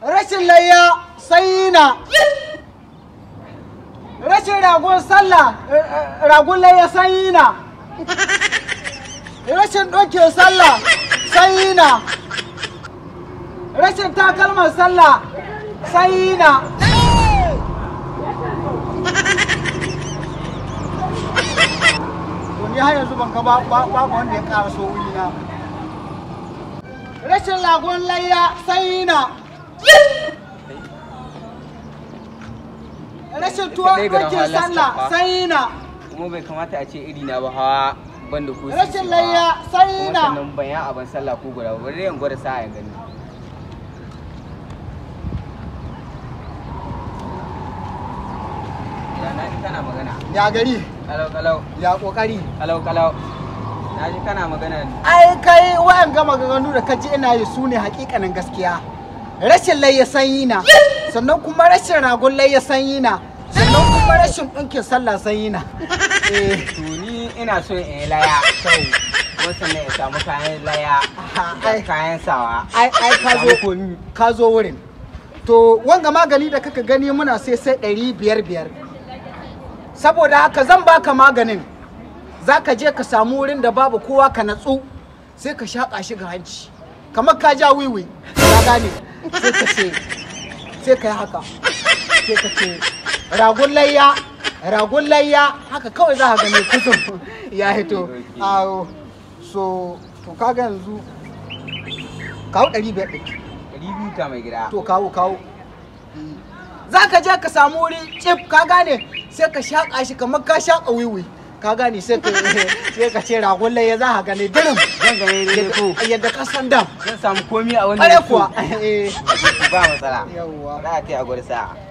rashin layya sai na rashin ragon sallah eh, eh, ragon layya sai na rashin ɗauke sallah sai na rashin takalman sallah sai na ni har yanzu ban ga babu wanda ya ƙara so wuri na rashin lagon layya sai na rashin tuwa kake sallah sai na kuma bai kamata a ce irina ba hawa ban da kusa rashin layya sai na kuma sannan bayan abin sallah ko guda ba bari yan gwada sa'a ya gani ya gari kalau kalau ya kokari kalau kalau na ji kana magana ai kai wa'an ga maganganu da kaji ina yi su ne hakikanin gaskiya rashin laye sanyi na sannan kuma rashin ragon laye sanyi na sannan kuma rashin ɗinkin sallah sanyi na eh to ni ina so in yi laya sau wasu ne ya samu kayan laya kayan sawa ai ai ka zo wurin to wanga magani da kaka gani muna sai sai ɗari biyar biyar saboda haka zan baka maganin za ka je ka samu wurin da babu kowa ka natsu sai ka shaƙa shi ga hanci kamar ka ja wiwi ka gane sai ka ce sai ka yi haka sai ka ce ragun layya ragun layya haka kawai za ka mai kusur ya hito awo so to kaga yanzu kawo ɗari biyar ɗin biyu ta mai gida to kawo kawo za ka je ka samu wuri cif ka gane sai ka shaƙa shi kamar ka shaƙa wiwi ka gane sai ka ce ragun layya za ka gane dirim yadda ka san dam zan samu komi a wannan kuwa ba matsala za a kai a gursa